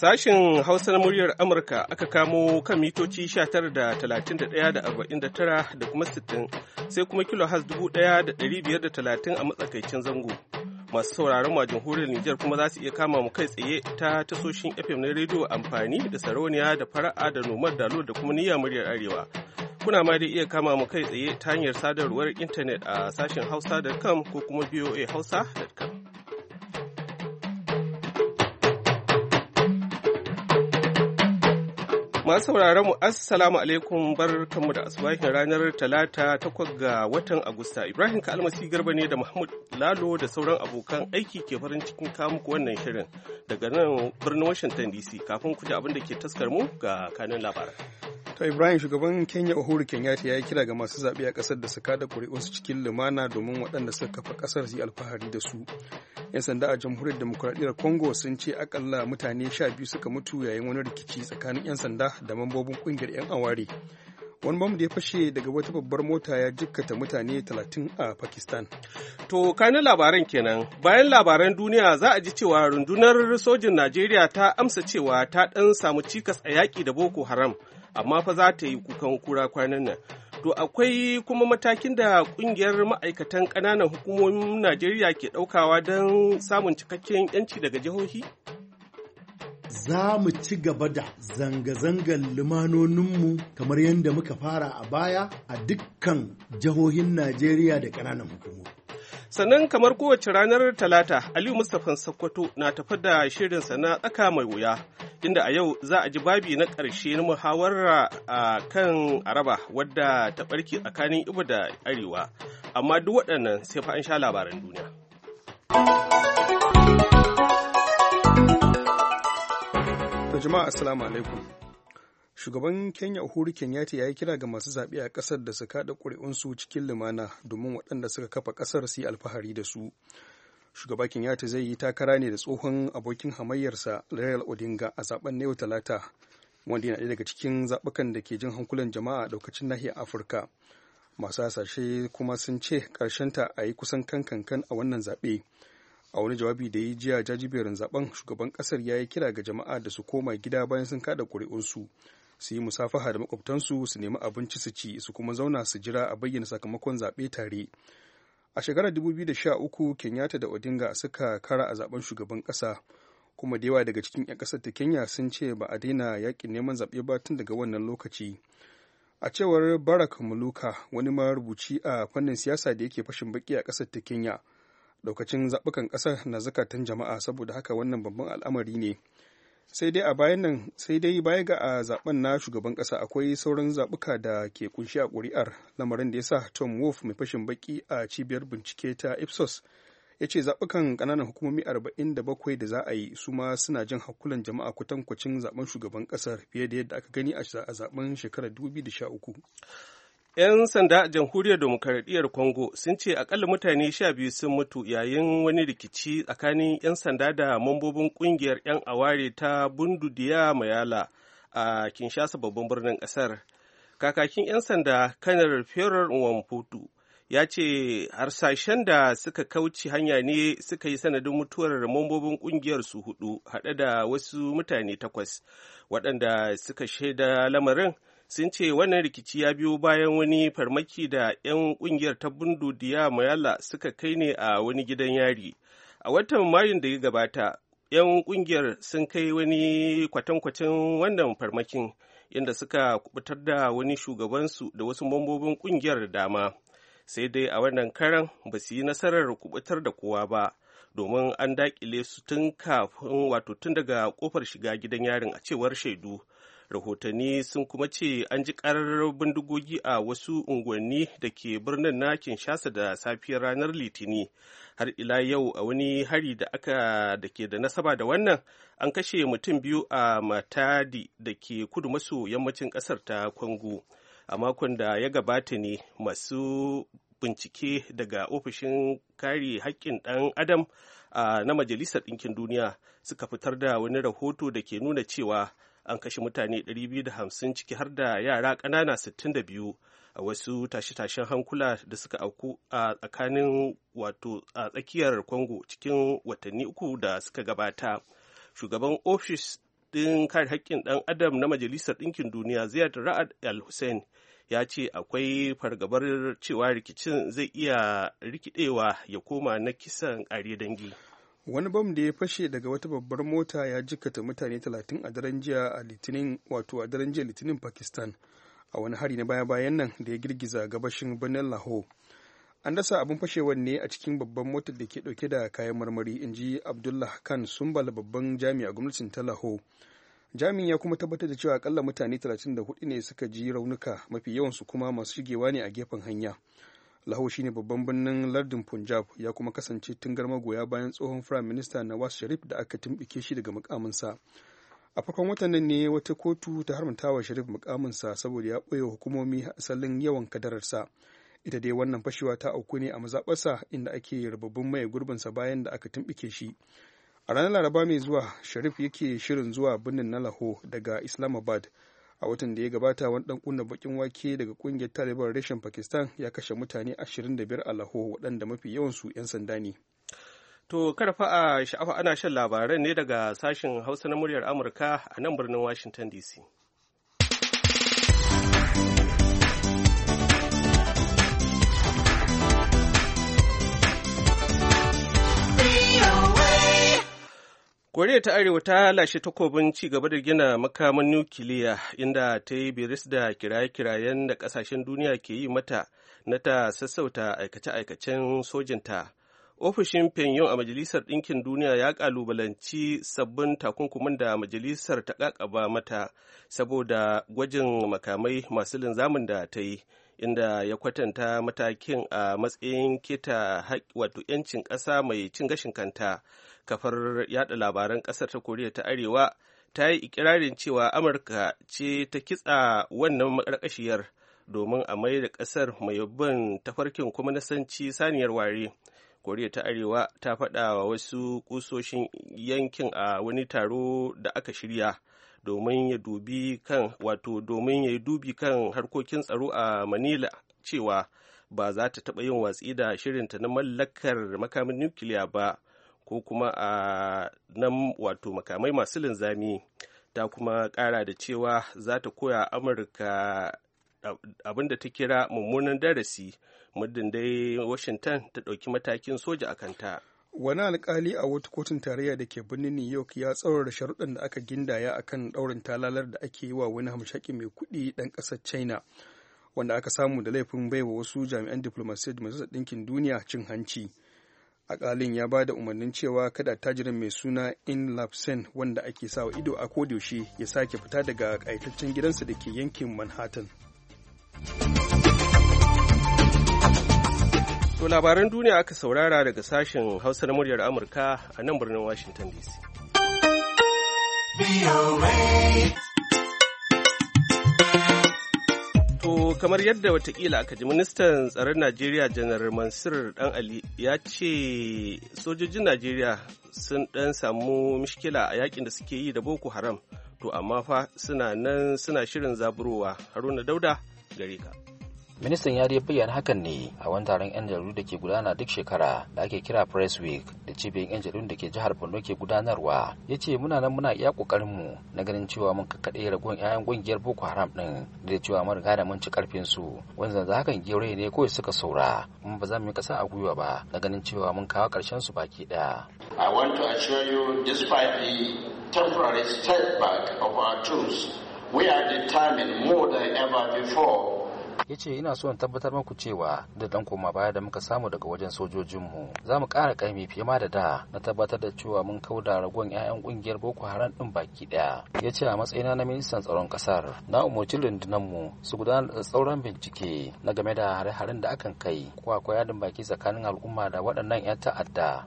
Sashen Hausa na muryar Amurka aka kamo kan mitoci 19 da da kuma 60 sai kuma kilo has 1530 a matsakaicin zango. Masu sauraron ma jamhuriyar Nijar kuma za su iya kama mu kai tsaye ta tasoshin FM na rediyo amfani da sarauniya da fara'a da nomar dalo da kuma niyya muryar Arewa. Kuna ma dai iya kama mu kai tsaye ta hanyar sadarwar intanet a sashen hausa.com ko kuma voa hausa.com. Masu sauraron mu assalamu alaikum bar kanmu da asubahin ranar talata takwas ga watan Agusta. Ibrahim Kalmasi Garba ne da mahmud Lalo da sauran abokan aiki ke farin cikin muku wannan shirin daga nan birnin Washington DC kafin ku ji abin da ke taskar mu ga kanin labaran. To Ibrahim shugaban Kenya Uhuru Kenyatta ya yi kira ga masu zaɓe a ƙasar da su kada ƙuri'unsu cikin lumana domin waɗanda suka kafa ƙasar su yi alfahari da su. 'Yan sanda a jamhuriyar demokuraɗiyyar Congo sun ce akalla mutane sha biyu suka mutu yayin wani rikici tsakanin 'yan sanda da mambobin ƙungiyar 'yan aware. wani bamu da ya fashe daga wata babbar mota ya jikkata mutane 30 a pakistan to kanin labaran kenan bayan labaran duniya za a ji cewa rundunar sojin najeriya ta amsa cewa ta ɗan samu cikas a yaƙi da boko haram amma fa za ta yi kukan kura kwanan nan to akwai kuma matakin da kungiyar ma'aikatan ƙananan hukumomin najeriya ke ɗaukawa don samun cikakken 'yanci daga jihohi za mu ci gaba da zanga-zangar limanoninmu kamar yadda muka fara a baya a dukkan jihohin najeriya da ƙananan hukumomi Sannan kamar kowace ranar Talata, Aliyu Mustapha sakkwato na tafi da shirinsa na tsaka mai wuya, inda a yau za a ji babi na ƙarshe na muhawara a kan Araba wadda ta ɓarke tsakanin Ibo da Arewa. Amma duk waɗannan sai fa an sha labaran duniya. Jama'a Assalamu alaikum. shugaban kenya uhuru kenyatta ya yi kira ga masu zaɓe a ƙasar da su kaɗa ƙuri'unsu cikin lumana domin waɗanda suka kafa ƙasar su yi alfahari da su shugaba kenyatta zai yi takara ne da tsohon abokin hamayyarsa rail odinga a zaɓen na yau talata wanda yana ɗaya daga cikin zaɓukan da ke jin hankulan jama'a a ɗaukacin nahiyar afirka masu hasashe kuma sun ce ta a yi kusan kankan a wannan zaɓe a wani jawabi da ya yi jiya jajiberin zaben shugaban ƙasar ya yi kira ga jama'a da su koma gida bayan sun kada ƙuri'unsu su yi musafaha da makwabtansu su nemi abinci su ci su kuma zauna su jira a bayyana sakamakon zaɓe tare a shekarar 2013 kenyatta da odinga suka kara a zaben shugaban ƙasa kuma da yawa daga cikin 'yan ƙasar ta kenya sun ce ba a daina yakin neman zaɓe ba tun daga wannan lokaci a cewar barak muluka wani marubuci a fannin siyasa da yake fashin baki a ƙasar ta kenya daukacin zaɓukan ƙasar na zakatan jama'a saboda haka wannan babban al'amari ne sai dai a bayan nan sai dai baya ga a zaben na shugaban kasa akwai sauran zabuka da ke kunshi a ƙuri'ar lamarin da ya sa tom wolf mai fashin baki a cibiyar bincike ta ipsos ya ce zaɓukan ƙananan hukumomi 47 da za a yi su ma suna jan hakulan jama'a kwatankwacin zaben shugaban ƙasar fiye da yadda aka gani a zaben shekarar 2013 'Yan sanda a jamhuriyar demokaradiyyar Congo sun ce akalla mutane sha biyu sun mutu yayin wani rikici tsakanin 'yan sanda da mambobin kungiyar 'yan aware ta Bundudiya Mayala a Kinshasa babban birnin ƙasar. Kakakin 'yan sanda kanar Ferar Nwamputu ya ce harsashen da suka kauce hanya ne suka yi sanadin mutuwar mambobin kungiyar su hudu haɗe da wasu mutane takwas waɗanda suka shaida lamarin sun ce wannan rikici ya biyo bayan wani farmaki da 'yan kungiyar ta bundu diya mayala suka kai ne a wani gidan yari a watan mayun da ya gabata 'yan kungiyar sun kai wani kwatankwacin wannan farmakin inda suka kubutar da wani shugabansu da wasu mambobin kungiyar dama sai dai a wannan karan ba su yi nasarar kubutar da kowa ba domin an dakile su tun kafin wato tun daga kofar shiga gidan yarin a cewar shaidu rahotanni sun kuma ce an ji karar bindigogi a wasu unguwanni da ke birnin na kinshasa da safiyar ranar litini har ila yau a wani hari da aka da ke da nasaba da wannan an kashe mutum biyu a matadi da ke kudu maso yammacin kasar ta kwango a makon da ya gabata ne masu bincike daga ofishin kare haƙƙin ɗan adam na majalisar ɗinkin duniya suka fitar da wani rahoto da ke nuna cewa an kashe mutane 250 ciki har da yara ƙanana 62 a wasu tashe-tashen hankula da suka auku a tsakanin wato a tsakiyar congo cikin watanni uku da suka gabata shugaban ofis ɗin kare haƙƙin ɗan adam na majalisar ɗinkin duniya ziyad ra'ad al-hussein ya ce akwai fargabar cewa rikicin zai iya rikidewa ya koma na kisan ƙare dangi wani bam da ya fashe daga wata babbar mota ya jikkata mutane 30 a daren jiya a litinin wato a daren jiya litinin pakistan a wani hari na baya-bayan nan da ya girgiza gabashin birnin lahore an dasa abin fashewar ne a cikin babban motar da ke dauke da kayan marmari in ji abdullah khan sumbal babban jami'a gwamnatin ta lahore jami'in ya kuma tabbatar da cewa akalla mutane 34 ne suka ji raunuka mafi yawansu kuma masu shigewa ne a gefen hanya Lahore shine babban birnin lardin Punjab ya kuma kasance tun garma goya bayan tsohon Firayim Minista Nawaz Sharif da aka tumbike shi daga mukaminsa. A farkon watan nan ne wata kotu ta haramta wa Sharif mukaminsa saboda ya ɓoye hukumomi asalin yawan kadararsa. Ita dai wannan fashewa ta auku ne a mazaɓarsa inda ake rababbin maye gurbinsa bayan da aka tumbike shi. A ranar Laraba mai zuwa, Sharif yake shirin zuwa birnin na laho daga Islamabad. a watan da ya gabata wani dan kunna bakin wake daga kungiyar taliban reshen pakistan ya kashe mutane 25 a laho waɗanda mafi yawansu 'yan sanda ne to karfa a sha'afa ana shan labaran ne daga sashen hausa na muryar amurka a nan birnin washington dc koriya ta arewa ta lashe takobin ci gaba da gina makaman nukiliya inda ta yi biris da kiraye-kirayen da ƙasashen duniya ke yi mata na ta sassauta aikace-aikacen sojinta ofishin fenyon a majalisar ɗinkin duniya ya kalubalanci sabbin takunkumin da majalisar ta ƙaƙaba mata saboda gwajin makamai masu linzamin da ta yi inda ya kwatanta matakin a matsayin keta wato 'yancin ƙasa mai cin gashin kanta kafar yada labaran kasar ta koriya ta arewa ta yi ikirarin cewa amurka ce ta kitsa wannan makarkashiyar domin a mai da kasar mai bin tafarkin kuma nasanci saniyar ware koriya ta arewa ta faɗa wa wasu kusoshin yankin a wani taro da aka shirya domin ya dubi kan wato domin ya dubi kan harkokin tsaro a manila cewa ba za ta taɓa yin watsi da shirinta na mallakar makamin nukiliya ba ko kuma a nan wato makamai masu linzami ta kuma kara da cewa za ta koya amurka abin da ta kira mummunan darasi muddin dai washington ta ɗauki matakin soja a kanta wani alkali a wata kotun tarayya da ke birnin new york ya tsaurara sharuɗan da aka gindaya a kan ɗaurin talalar da ake yi wa wani hamshaki mai kuɗi ɗan ƙasar china wanda aka samu da laifin baiwa wasu jami'an da masu ɗinkin duniya cin hanci alƙalin ya ba da umarnin cewa kada tajirin mai suna in lapsen wanda ake sawa ido a kodiyoshi ya sake fita daga ƙaitaccen gidansa da ke yankin manhattan To labaran duniya aka saurara daga sashen hausa na muryar amurka a nan birnin washington dc To kamar yadda watakila aka ji ministan tsaron Najeriya janar Mansur Dan Ali ya ce sojojin Najeriya sun dan samu mishkila a yakin da suke yi da Boko Haram to amma fa suna nan suna shirin zaburowa Haruna Dauda gare ka. ministan ya dai bayyana hakan ne a wani taron yan jaridu da ke gudana duk shekara da ake kira press week da cibiyar yan jaridun da ke jihar borno ke gudanarwa ya ce muna nan muna iya kokarin mu na ganin cewa mun kakkaɗe ragon yayan ƙungiyar boko haram ɗin da cewa mun riga mun ci karfin su wanda za hakan gero ne kawai suka saura kuma ba za mu yi ƙasa a gwiwa ba na ganin cewa mun kawo ƙarshen su baki ɗaya. I want to assure you despite the temporary setback of our troops, we are determined more than ever before ya ce ina so in tabbatar muku cewa da dan koma baya da muka samu daga wajen sojojinmu za mu ƙara ƙaimi fiye ma da da na tabbatar da cewa mun kau da ragon 'ya'yan ƙungiyar boko haram ɗin baki ɗaya ya ce a matsayina na ministan tsaron ƙasar na umarci mu su gudanar da tsauran bincike na game da hare-haren da akan kai ko akwai yadin baki tsakanin al'umma da waɗannan 'yan ta'adda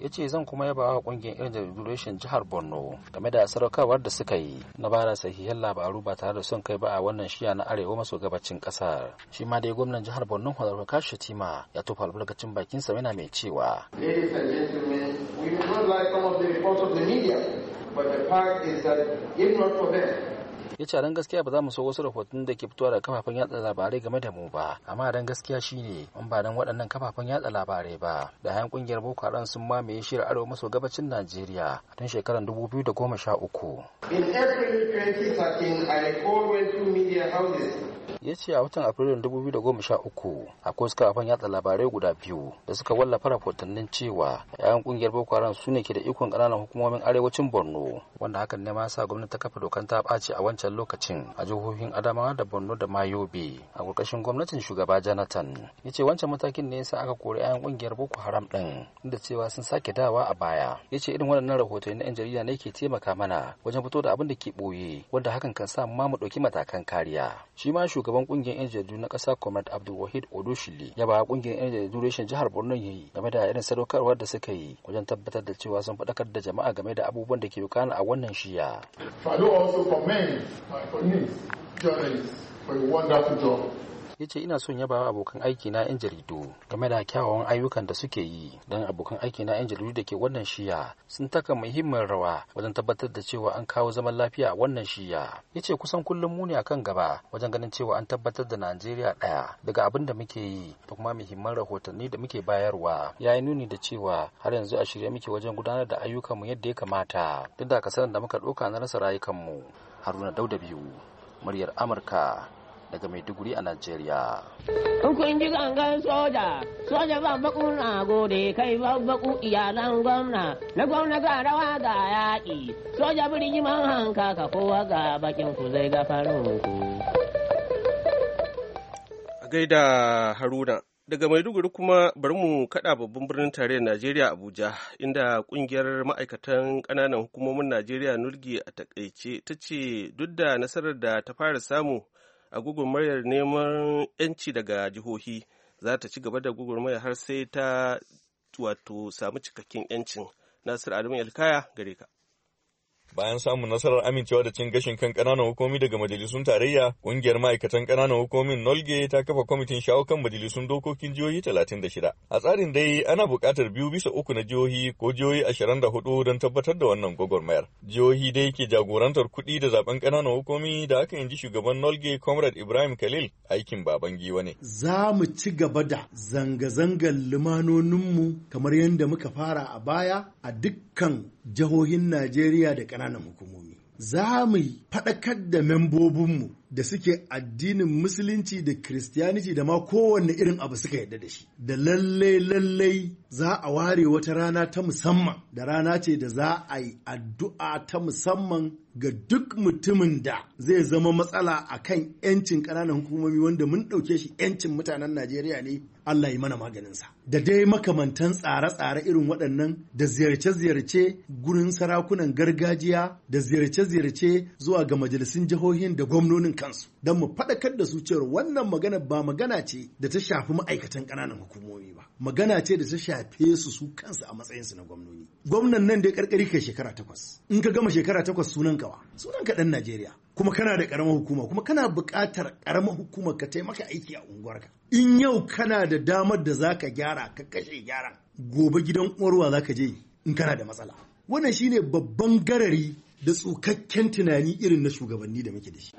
ya ce zan kuma yaba wa ƙungiyar irin duration jihar borno game da sadaukarwar da suka yi na bada sahihin labaru ba tare da son kai ba a wannan shiya na arewa maso gabacin ƙasa jihar shi ma dai gwamnan jihar borno honorable kashi tima ya tofa albarkacin sa yana mai cewa But the fact is that if not for them, ya ce dan gaskiya ba za mu so wasu rahoton da ke fitowa daga kafafen yatsa labarai game da mu ba amma dan gaskiya shine in ba dan waɗannan kafafen yatsa labarai ba da hayan kungiyar Boko Haram sun mamaye shirin arewa maso gabacin Najeriya tun shekarar 2013 in I media houses ya ce a watan afrilun 2013 akwai suka kafafen yatsa labarai guda biyu da suka wallafa rahotannin cewa yayan kungiyar boko haram su ne ke da ikon kananan hukumomin arewacin borno wanda hakan ne ma sa gwamnati ta kafa dokan ta ɓaci a wancan wancan lokacin a jihohin Adamawa da Borno da Mayobe a ƙarƙashin gwamnatin shugaba Jonathan. Ya ce wancan matakin ne ya yasa aka kori 'ya'yan ƙungiyar Boko Haram ɗin da cewa sun sake dawa a baya. Ya ce irin waɗannan rahotanni na 'yan jarida ne ke taimaka mana wajen fito da abin da ke ɓoye wanda hakan kan sa ma mu ɗauki matakan kariya. Shi ma shugaban ƙungiyar 'yan jaridu na ƙasa Comrade Abdulwahid Odoshili ya ba ƙungiyar 'yan jaridu reshen jihar Borno yi game da irin sadaukarwar da suka yi wajen tabbatar da cewa sun faɗakar da jama'a game da abubuwan da ke kana a wannan shiya. My for his journalists for a wonderful job. ya ce ina son bawa abokan aiki na 'yan jaridu game da kyawawan ayyukan da suke yi don abokan aiki na 'yan jaridu da ke wannan shiya sun taka muhimmin rawa wajen tabbatar da cewa an kawo zaman lafiya a wannan shiya ya ce kusan kullum mu ne akan gaba wajen ganin cewa an tabbatar da najeriya ɗaya daga abin da muke yi da kuma muhimman rahotanni da muke bayarwa ya yi nuni da cewa har yanzu a shirye muke wajen gudanar da ayyukanmu yadda ya kamata duk da sanar da muka ɗauka na rasa rayukanmu haruna dauda biyu muryar amurka daga Maiduguri a Najeriya. Hukun ji gangan soja, soja ban baku na gode kai ban baku iyalan gwamna, na gwamna ga rawa ga yaƙi, soja birni man hanka ka kowa ga bakin ku zai gafarin ku. Gaida Haruna, daga maiduguri kuma bari mu kada babban birnin tarayyar najeriya abuja inda kungiyar ma'aikatan ƙananan hukumomin najeriya nurgi a takaice ta ce duk da nasarar da ta fara samu a mayar neman 'yanci daga jihohi za ta ci gaba da gugurmayar har sai ta wato samu cikakken 'yancin nasir adamu alkaya gare ka bayan samun nasarar amincewa da cin gashin kan kananan hukumi daga majalisun tarayya kungiyar ma'aikatan kananan hukumin nolge ta kafa kwamitin shawo kan majalisun dokokin jihohi 36 a tsarin dai ana buƙatar biyu bisa uku na jihohi ko jihohi 24 don tabbatar da wannan gwagwarmayar jihohi dai ke jagorantar kuɗi da zaben kananan hukumi da aka inji shugaban nolge comrade ibrahim khalil aikin baban giwa ne za mu ci gaba da zanga-zangar limanoninmu kamar yadda muka fara a baya a dukkan jihohin najeriya da ƙananan hukumomi za mu faɗakar da membobinmu da suke addinin musulunci da christianity da ma kowanne irin abu suka yadda da shi da lallai lallai za a ware wata rana ta musamman da rana ce da za a yi addu'a ta musamman ga duk mutumin da zai zama matsala a kan 'yancin ƙananan hukumomi wanda mun ɗauke shi 'yancin mutanen Najeriya ne Allah yi mana maganinsa. Da dai makamantan tsare-tsare irin waɗannan da ziyarce-ziyarce gurin sarakunan gargajiya da ziyarce-ziyarce zuwa ga majalisun jihohin da gwamnonin kansu don mu faɗakar da su cewar wannan magana ba magana ce da ta shafi ma'aikatan ƙananan hukumomi ba magana ce da ta shafe su su kansu a matsayinsu na gwamnoni gwamnan nan dai karkari kai shekara takwas in ka gama shekara takwas sunan kawa sunan ka ɗan najeriya kuma kana da karamar hukuma kuma kana buƙatar karamar hukuma ka taimaka aiki a unguwarka in yau kana da damar da zaka gyara ka kashe gyaran gobe gidan uwarwa za ka je in kana da matsala wannan shine babban garari da tsukakken tunani irin na shugabanni da muke da shi.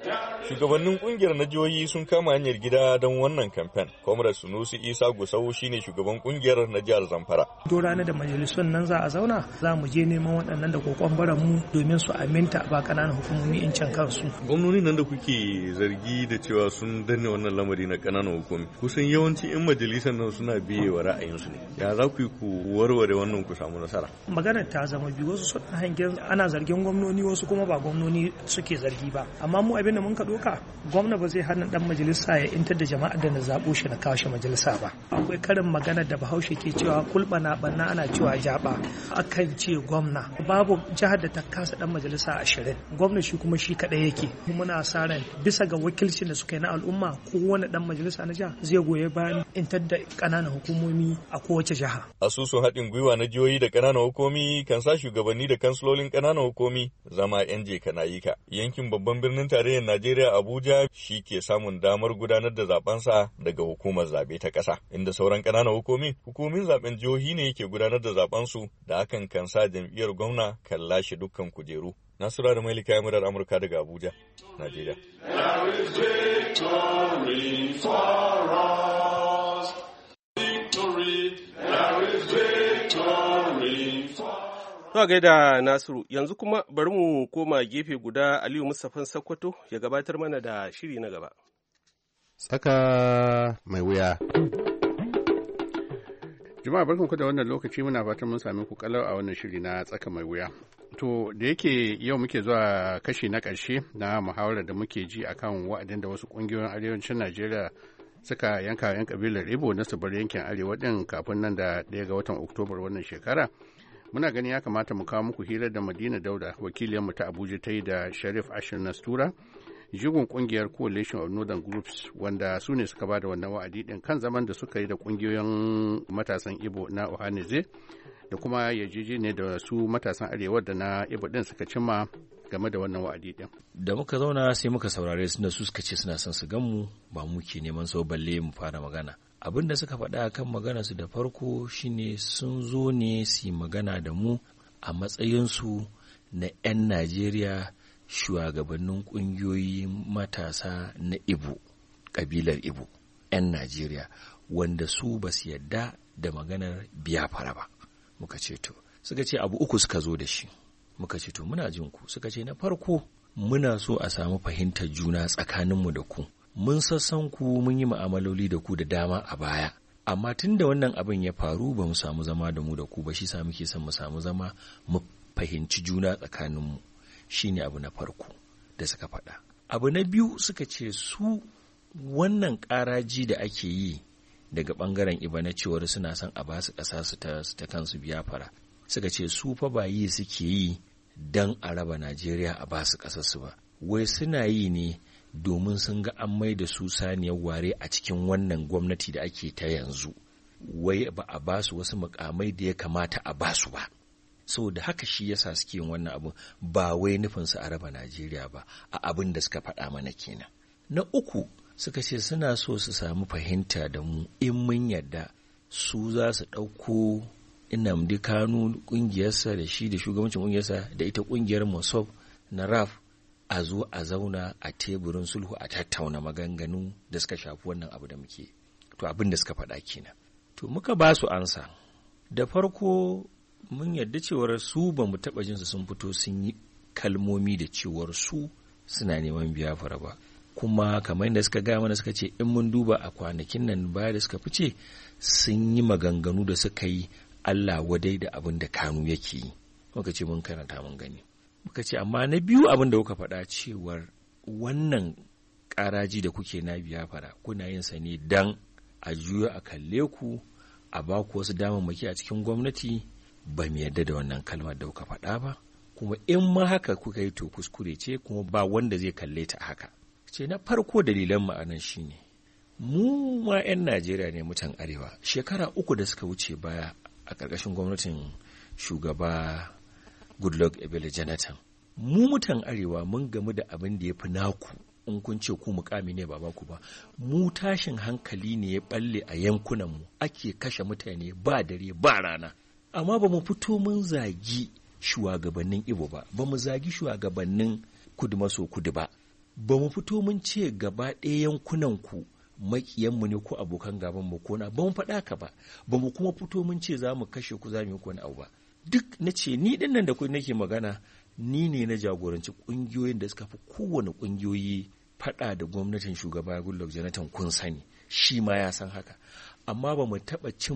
Shugabannin kungiyar na jihohi sun kama hanyar gida don wannan kamfen. Comrade Sunusi Isa Gusau shine shugaban kungiyar na jihar Zamfara. Do ranar da majalisun nan za a zauna za mu je neman waɗannan da kokon mu domin su aminta ba kananan hukumomi in can kansu. Gwamnoni nan da kuke zargi da cewa sun danne wannan lamari na kananan hukumi. Kusan yawanci in majalisar nan suna biye wa ra'ayinsu ne. Ya za ku yi ku warware wannan ku samu nasara. Maganar ta zama biyu wasu suna hangen ana zargin gwamnoni gwamnoni wasu kuma ba gwamnoni suke zargi ba amma mu abin da mun ka doka gwamna ba zai hana dan majalisa ya intar da jama'a da na zabo shi na kawo shi majalisa ba akwai karin magana da bahaushe ke cewa kulbana banna ana cewa jaba akan ce gwamna babu jihar da ta kasa dan majalisa ashirin gwamna shi kuma shi kadai yake muna sa ran bisa ga wakilcin da suka yi na al'umma kowane dan majalisa na jiha zai goye bayan intar da kananan hukumomi a kowace jiha asusun haɗin gwiwa na jihohi da kananan hukumomi kan sa shugabanni da kansilolin kananan hukumomi zama 'yan jeka na yi ka. Yankin babban birnin tarayyar Najeriya Abuja shi ke samun damar gudanar da zabensa daga hukumar zabe ta ƙasa, inda sauran ƙananan hukumin hukumin zaben jihohi ne ke gudanar da zabensu da hakan kan sa jam'iyyar gwamna kan lashe dukkan kujeru. Nasura da Mailika murar Amurka daga Abuja, Najeriya. Victory. To gaida Nasiru, yanzu kuma bari mu koma gefe guda Aliyu mustafan Sakwato ya gabatar mana da shiri na gaba. Tsaka mai wuya. Juma'a barkanku da wannan lokaci muna fatan mun sami ku kalau a wannan shiri na tsaka mai wuya. To da yake yau muke zuwa kashi na ƙarshe na muhawarar da muke ji akan wa'adin da wasu ƙungiyoyin arewacin Najeriya suka yanka 'yan kabilar Ibo na su bar yankin arewa din kafin nan da ɗaya ga watan Oktobar wannan shekara. muna gani ya kamata mu kawo muku hira da madina dauda wakiliyarmu ta abuja ta yi da sharif ashir nastura jigon kungiyar coalition of northern groups wanda su ne suka ba da wannan wa'adi din kan zaman da suka yi da kungiyoyin matasan ibo na ohanize da kuma yajeje ne da su matasan arewa da na ibo din suka cimma game da wannan wa'adi din da muka zauna sai muka saurare su da su suka ce suna son su gan mu ba muke neman so balle mu fara magana abin da suka faɗa kan maganarsu da farko shine sun zo ne su magana da mu a matsayinsu na 'yan najeriya shugabannin ƙungiyoyi matasa na ibo ƙabilar ibo 'yan najeriya wanda su ba su yadda da maganar biyafara ba muka ce to suka ce abu uku suka zo da shi muka ce to muna jin ku suka ce na farko muna so a samu fahimtar juna tsakaninmu da ku mun sassan ku mun yi ma'amaloli da ku da dama a baya amma tun da wannan abin ya faru ba mu samu zama da mu da ku ba shi sa muke son mu samu zama mu fahimci juna tsakaninmu shine abu na farko da suka faɗa abu na biyu suka ce su wannan ƙaraji da ake yi daga ɓangaren iba na cewar suna son a ba su ƙasa su ta kansu biya fara suka ce su fa ba yi suke yi don a raba najeriya a ba su ƙasarsu ba wai suna yi ne domin sun ga an mai da su saniyar ware a cikin wannan gwamnati da ake ta yanzu wai ba a basu wasu mukamai da ya kamata a ba su ba saboda haka shi yasa suke wannan abun ba wai nufin su a raba Najeriya ba a abin da suka faɗa mana kenan na uku suka ce suna so su samu fahimta da mu in mun yarda su za su ɗauko Nnamdi Kanu ƙungiyarsa da shi da shugabancin ƙungiyarsa da ita ƙungiyar Mosop na RAF a zo a zauna a teburin sulhu a tattauna maganganu da suka shafi wannan abu da muke to abin da suka faɗa kenan to muka ba su ansa da farko mun yarda cewar su ba mu taɓa jinsu sun fito sun yi kalmomi da cewar su suna neman biyafara ba kuma kamar da suka gaya mana suka ce in mun duba a kwanakin nan baya da suka fice sun yi maganganu da suka yi Allah wadai da abin da kanu yake yi muka ce mun karanta mun gani muka ce amma na biyu abin da kuka faɗa cewar wannan ƙaraji da kuke na biya fara kuna yin sa ne dan a juyo a kalle ku a ba ku wasu damammaki a cikin gwamnati ba mu yarda da wannan kalmar da kuka faɗa ba kuma in ma haka kuka yi to kuskure ce kuma ba wanda zai kalle ta haka ce na farko dalilan ma'anan shine mu ma 'yan najeriya ne mutan arewa shekara uku da suka wuce baya a ƙarƙashin gwamnatin shugaba goodluck ebele jonathan mu mutan arewa mun gamu da abin da ya fi naku in kun ce ku mukami ne ba baku ba mu tashin hankali ne ya balle a yankunanmu ake kashe mutane ba dare ba rana amma ba mu fito mun zagi shugabannin ibo ba ba mu zagi shugabannin kudu maso kudu ba ba mu fito mun ce gaba ɗaya yankunan ku makiyanmu ne ko abokan gaban mu ko na ba mu faɗa ka ba ba mu kuma fito mun ce za mu kashe ku za mu yi wani abu ba duk na ce ni din nan da kuɗi nake magana ni ne na jagoranci ƙungiyoyin da suka fi kowane kungiyoyi faɗa da gwamnatin shugaba Goodluck Jonathan kun sani shi ma ya san haka amma ba mu taɓa cin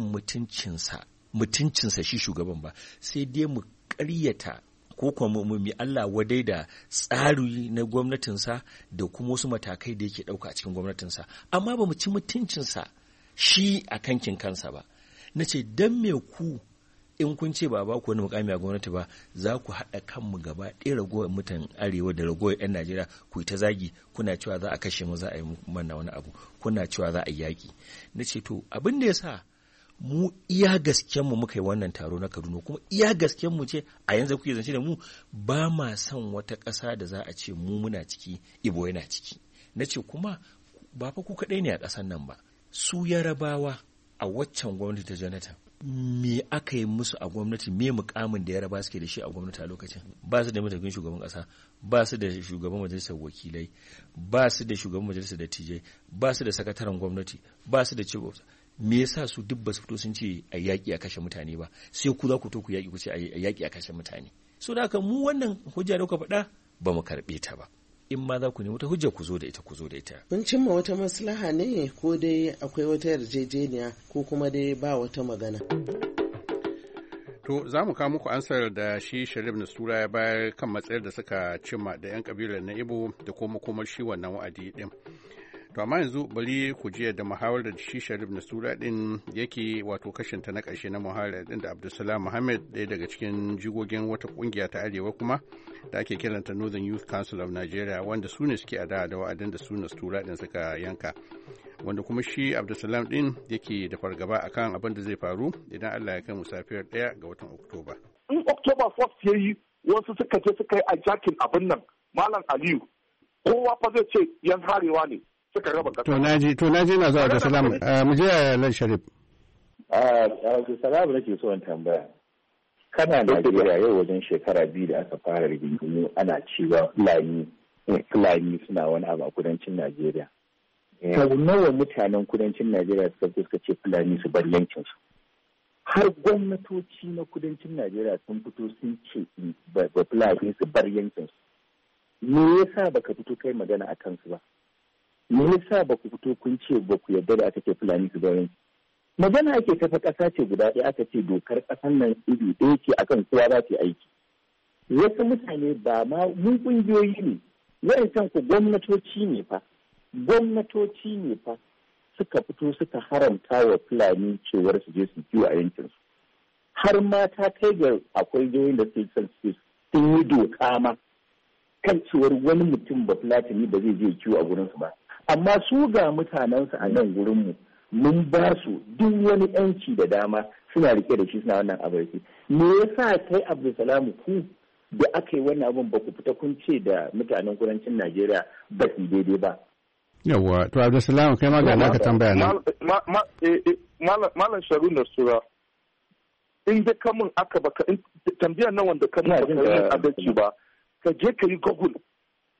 mutuncinsa shi shugaban ba sai dai mu ƙaryata ko kuma mu mi Allah wadai da tsari na gwamnatinsa da kuma wasu matakai da yake ɗauka a cikin gwamnatinsa amma ba mu ci mutuncinsa shi a kankin kansa ba na ce don me ku in kun ce ba ba ku wani mukami a gwamnati ba za ku haɗa kanmu gaba ɗaya ragowar mutan arewa da ragowar 'yan najeriya ku yi ta zagi kuna cewa za a kashe mu za a yi mana wani abu kuna cewa za a yi yaƙi na ce to abin da ya sa mu iya mu muka yi wannan taro na kaduna kuma iya mu ce a yanzu kuke zance da mu ba ma son wata ƙasa da za a ce mu muna ciki ibo yana ciki na ce kuma ba fa ku kaɗai ne a ƙasan nan ba su yarabawa a waccan gwamnati ta jonathan me aka yi musu a gwamnati me mukamin da ya raba suke da shi a gwamnati a lokacin ba su da matakin shugaban kasa ba su da shugaban majalisar wakilai ba su da shugaban majalisar dattijai ba su da sakataren gwamnati ba su da cewa me yasa su duk ba su fito sun ce a yaƙi a kashe mutane ba sai ku za ku to ku yaƙi ku ce a yaƙi a kashe mutane so da haka mu wannan hujja da kuka faɗa ba mu karɓe ta ba in ma za ku nemi wata hujja ku zo da ita ku zo da ita kun cimma wata maslaha ne ko dai akwai wata yarjejeniya ko kuma dai ba wata magana To za mu kawo muku ansar da shi Sharif Nasura ya bayar kan matsayar da suka cimma da 'yan kabilar na Ibo da kuma kuma shi wannan wa'adi din. To amma yanzu bari ku jiya da muhawarar shi Sharif na sura din yake wato kashin ta na ƙarshe na muhawarar din da Abdulsalam Muhammad ɗaya daga cikin jigogin wata ƙungiya ta Arewa kuma da ake kiranta Northern Youth Council of Nigeria wanda su ne suke a da wa'adin da su sura din suka yanka. Wanda kuma shi Abdulsalam din yake da fargaba akan abin da zai faru idan Allah ya kai mu safiyar ɗaya ga watan Oktoba. In Oktoba 1st ya yi wasu suka je suka yi a jakin abin nan Malam Aliyu kowa fa zai ce yan harewa ne suka raba kasa. To naji na zuwa da salam eh, mu je Lal Sharif. A ah, ah, salamu nake so in tambaya. Kana Najeriya yau wajen shekara biyu da aka fara rigingimu ana cewa Fulani eh, Fulani suna wani abu a kudancin Najeriya. Sau eh, nawa mutanen kudancin Najeriya suka fuska ce Fulani su bar yankinsu. Har gwamnatoci na kudancin Najeriya sun fito sun ce ba Fulani su bar yankinsu. Me yasa baka fito kai magana a kansu ba? me yasa ba ku fito kun ce ba ku yarda da aka ce fulani su zaune magana ake kafa ƙasa ce guda ɗaya aka ce dokar ƙasan nan iri ɗaya ce akan kowa za ta aiki wasu mutane ba ma mun ƙungiyoyi ne wa'ancan ku gwamnatoci ne fa gwamnatoci ne fa suka fito suka haramta wa fulani cewar su je su kiwo a yankinsu har ma ta kai ga akwai jihohin da suke son sun yi doka ma kan cewar wani mutum ba fulatani ba zai je kiwo a gurinsu ba amma su ga mutanensu a nan gurinmu mun ba su duk wani yanci da dama suna rike da shi suna wannan abarki me yasa kai abdulsalamu ku da aka yi wannan abin ba ku fita kun ce da mutanen kudancin najeriya ba su daidai ba yawwa to abdulsalamu kai ma ga naka tambaya nan eh, eh, malam sharu na sura in da kamun aka baka tambayar nan wanda kamun aka yi adalci ba ka je ka yi google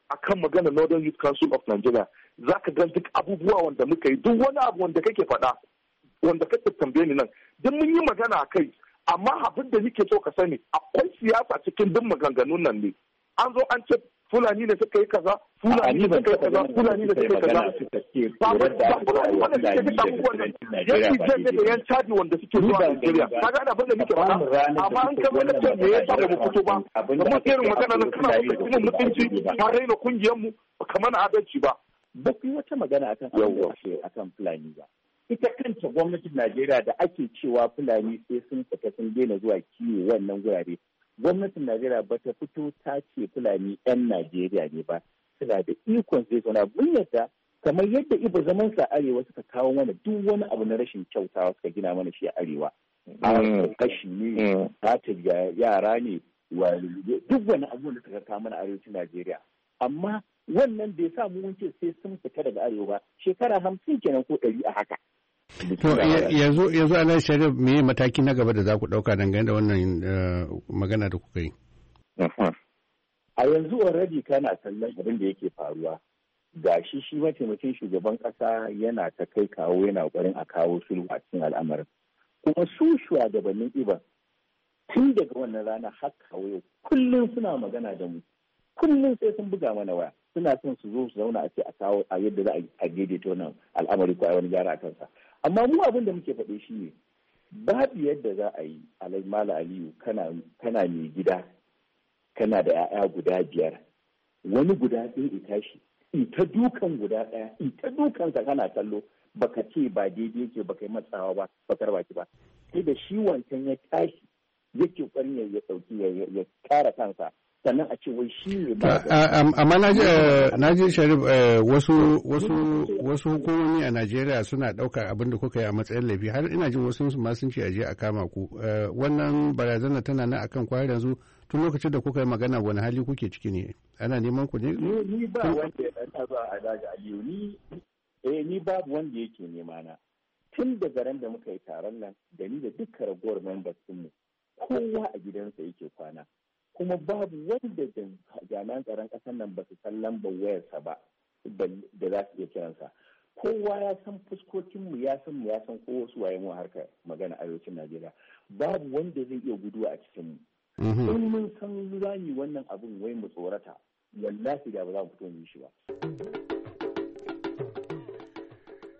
akan magana northern youth council of nigeria za ka gan duk abubuwa wanda muka yi duk wani abu wanda kake faɗa wanda kake tambaye ni nan duk mun yi magana a kai amma abin da nake so ka sani akwai siyasa cikin duk maganganun nan ne an zo an ce fulani ne suka yi kaza fulani ne suka yi kaza fulani ne suka yi kaza ba ba wanda suke duk abubuwan nan yanki je ne da yan cadi wanda suke zuwa Nigeria kaga ana abin da nake faɗa amma an kai wani ce me yasa ba mu fito ba kuma irin magana nan kana mutunci mun mutunci raina kungiyar mu kamar adalci ba ba ku yi wata magana akan abin akan fulani ba ita kanta gwamnatin najeriya da ake cewa fulani sai sun fita sun daina zuwa kiwo wannan gurare gwamnatin najeriya ba ta fito ta ce fulani yan najeriya ne ba suna da ikon zai zauna mun yadda kamar yadda ibo zaman sa arewa suka kawo mana duk wani abu na rashin kyauta suka gina mana shi a arewa mm. a kashi ne mm. yara ne duk wani abu da suka kawo mana arewacin najeriya amma wannan bai sa mu wuce sai sun fita daga arewa ba shekara hamsin kenan ko ɗari a haka. To yanzu yanzu Alhaji Sharif me mataki na gaba da za ku ɗauka dangane da wannan eh, magana da kuka yi? A yanzu already kana kallon abin da yake faruwa. Ga shi shi mataimakin shugaban ƙasa yana ta kai kawo yana ƙwarin a kawo sulhu a cikin al'amarin. Kuma su shugabannin Iban tun daga wannan rana har kawo kullum suna magana da mu. kullum sai sun buga mana waya suna son su zo su zauna a ce a kawo a yadda za a daidaita wannan al'amari ko a wani gyara a kansa amma mu abin da muke faɗi shi ne babu yadda za a yi mala aliyu kana kana mai gida kana da 'ya'ya guda biyar wani guda ɗaya ita shi ita dukan guda ɗaya ita dukansa kana kallo baka ce ba daidai yake baka yi matsawa ba bakar baki ba sai da shi wancan ya tashi yake ƙwarin ya ɗauki ya kara kansa sannan a ce wai shi ne ba amma na ji eh, sharif eh, wasu wasu wasu hukumomi a najeriya suna ɗaukar abin da kuka yi a matsayin laifi har ina jin wasu ma sun ce aje a kama ku eh, wannan barazana tana nan akan kwari yanzu tun lokacin da kuka yi magana wani hali kuke ciki ne ana neman ku ne ni ba wanda ya ɗan ba a daga aliyu ni eh ni babu wanda yake nema na tun da garan da muka yi taron nan da ni da dukkan ragowar members mu kowa a gidansa yake kwana kuma babu wanda jami'an tsaron ƙasar nan ba su san lambar wayarsa ba da za su iya kiransa kowa ya san fuskokinmu ya san mu ya san ko wasu waye mu harkar magana arewacin najeriya babu wanda zai iya guduwa a cikin mu mhm. in mun san za mu wannan abin wai mu tsorata wallahi da ba za mu fito mu yi shi ba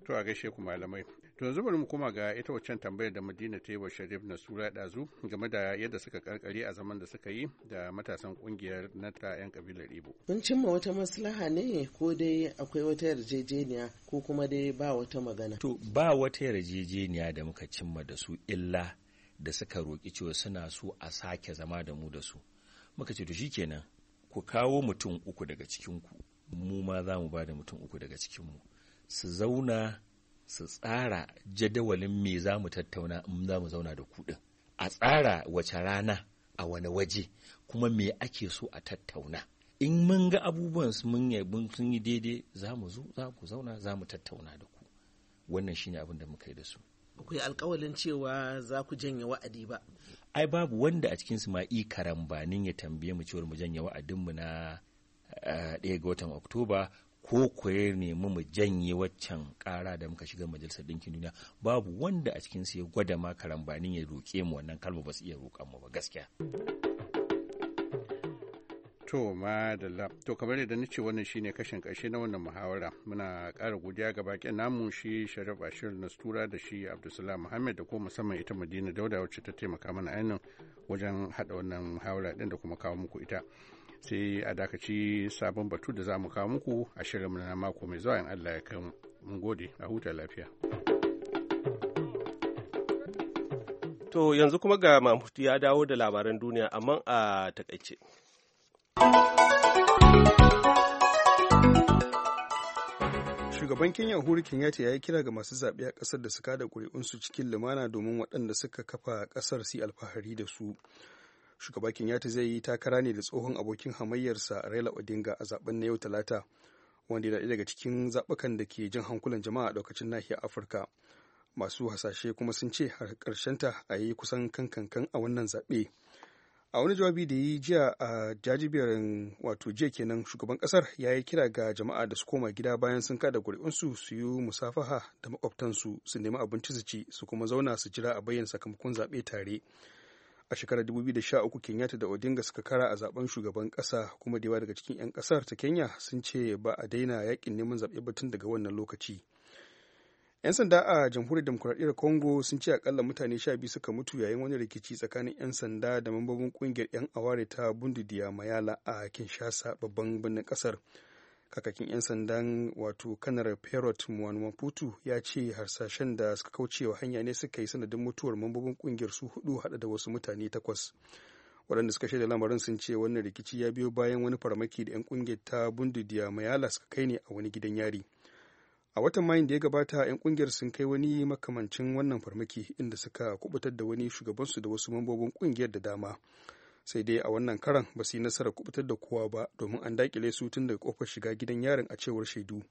to a gaishe ku malamai To yanzu bari mu koma ga ita waccan tambayar da Madina ta yi wa Sharif Nasura ɗazu game da yadda suka karkare a zaman da suka yi da matasan kungiyar na ta 'yan kabilar Ibo. mun cimma wata maslaha ne ko dai akwai wata yarjejeniya ko kuma dai ba wata magana? To ba wata yarjejeniya da muka cimma da su illa da suka roƙi cewa suna so a sake zama da mu da su. Muka ce to kenan ku kawo mutum uku daga cikinku mu ma za mu ba da mutum uku daga cikinmu su zauna su tsara jadawalin me za mu tattauna in za mu zauna da kuɗin a tsara wace rana a wani waje kuma me ake so a tattauna in mun ga abubuwan mun yabin sun yi daidai za mu zo za ku zauna za mu tattauna da ku wannan shine abin da muka yi da su ku alkawalin cewa za ku janye wa'adi ba ai babu wanda a cikin su ma i karambanin ya tambaye mu cewa mu janye wa'adin mu na 1 eh, ga watan oktoba ko ku ne mu mu janye waccan ƙara da muka shiga majalisar ɗinkin duniya babu wanda a cikinsu ya gwada ma karambanin ya roƙe mu wannan kalma ba su iya roƙan mu ba gaskiya. To madalla to kamar yadda nace wannan shine kashin ƙarshe na wannan muhawara muna ƙara godiya ga baƙin namu shi Sharif Ashir Nastura da shi Abdulsalam Muhammad da ko musamman ita Madina Dauda wacce ta taimaka mana ainihin wajen hada wannan muhawara ɗin da kuma kawo muku ita. sai a dakaci sabon batu da za mu kawo muku a shirin na mako mai zuwa in Allah ya kai mun gode a huta lafiya. To yanzu kuma ga Mahmud ya dawo da labaran duniya amma a takaice. shugaban kenya uhuru kenyatta ya yi kira ga masu zaɓe a ƙasar da su kada ƙuri'unsu cikin lumana domin waɗanda suka kafa ƙasar su alfahari da su shugaba kenyatta zai yi takara ne da tsohon abokin hamayyarsa raila odinga a zaben na yau talata wanda yana daga cikin zaɓukan da ke jan hankulan jama'a a lokacin nahiyar afirka masu hasashe kuma sun ce har ta a yi kusan kankankan a wannan zaɓe a wani jawabi da yi jiya a jajiberin wato jiya kenan shugaban ƙasar ya yi kira ga jama'a da su koma gida bayan sun kada ƙuri'unsu su yi musafaha da makwabtansu su nemi abinci su ci su kuma zauna su jira a bayyana sakamakon zaɓe tare a shekarar 2013 kenyatta da odinga suka kara a zaben shugaban kasa kuma da yawa daga cikin 'yan kasar ta kenya sun ce ba a daina yakin neman zaɓe tun daga wannan lokaci 'yan sanda a jamhuriyar demokuraɗiyyar congo sun ce akalla mutane sha biyu suka mutu yayin wani rikici tsakanin 'yan sanda da mambobin kungiyar 'yan aware ta bundu mayala a kinshasa babban birnin kasar. kakakin 'yan sandan wato kanar perot maputu ya ce harsashen da suka kaucewa hanya ne suka yi sanadin mutuwar mambobin kungiyar su hudu hada da wasu mutane takwas waɗanda suka shaida lamarin sun ce wannan rikici ya biyo bayan wani farmaki da 'yan kungiyar ta bundudiya mayala suka kai ne a wani gidan yari a watan mayun da ya gabata 'yan kungiyar sun kai wani makamancin wannan farmaki inda suka kubutar da wani shugabansu da wasu mambobin kungiyar da dama sai dai a wannan karan ba su yi nasarar kubutar da kowa ba domin an dakile su tun daga kofar shiga gidan yarin a cewar shaidu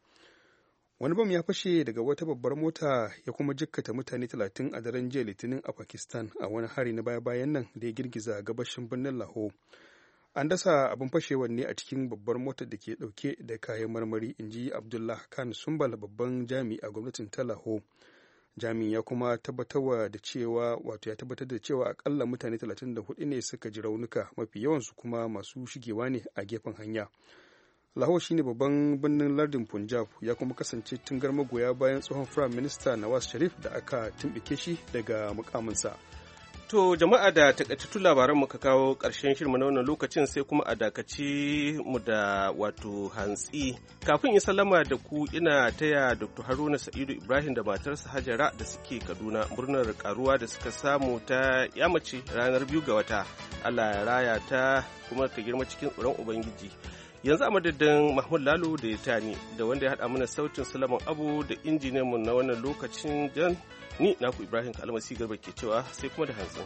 wani bam ya fashe daga wata babbar mota ya kuma jikkata mutane 30 a daren jiya litinin a pakistan a wani hari na baya-bayan nan da ya girgiza gabashin birnin laho an dasa abin fashewar ne a cikin babbar motar da ke dauke da kayan marmari in ji abdullah khan sumbal babban jami'a gwamnatin ta lahore jami ya kuma tabbatarwa da cewa wato ya tabbatar da cewa akalla mutane 34 ne suka ji raunuka mafi yawansu kuma masu shigewa ne a gefen hanya lahore shine babban birnin lardin punjab ya kuma kasance tun garma magoya bayan tsohon firayim minista nawaz sharif da aka tumbike shi daga mukaminsa. To jama'a da takaitattun labaran muka kawo ƙarshen shirma na wannan lokacin sai kuma a dakaci mu da wato hantsi. Kafin in sallama da ku ina taya Dr. Haruna Sa'idu Ibrahim da matarsa Hajara da suke Kaduna murnar karuwa da suka samu ta yamace ranar biyu ga wata. Allah ya raya ta kuma ta girma cikin tsoron Ubangiji. yanzu a madadin mahmud lalo da ya tani da wanda ya haɗa mana sautin salaman abu da injiniyanmu na wannan lokacin jan ni naku ibrahim kalmasi garba ke cewa sai kuma da hanzu.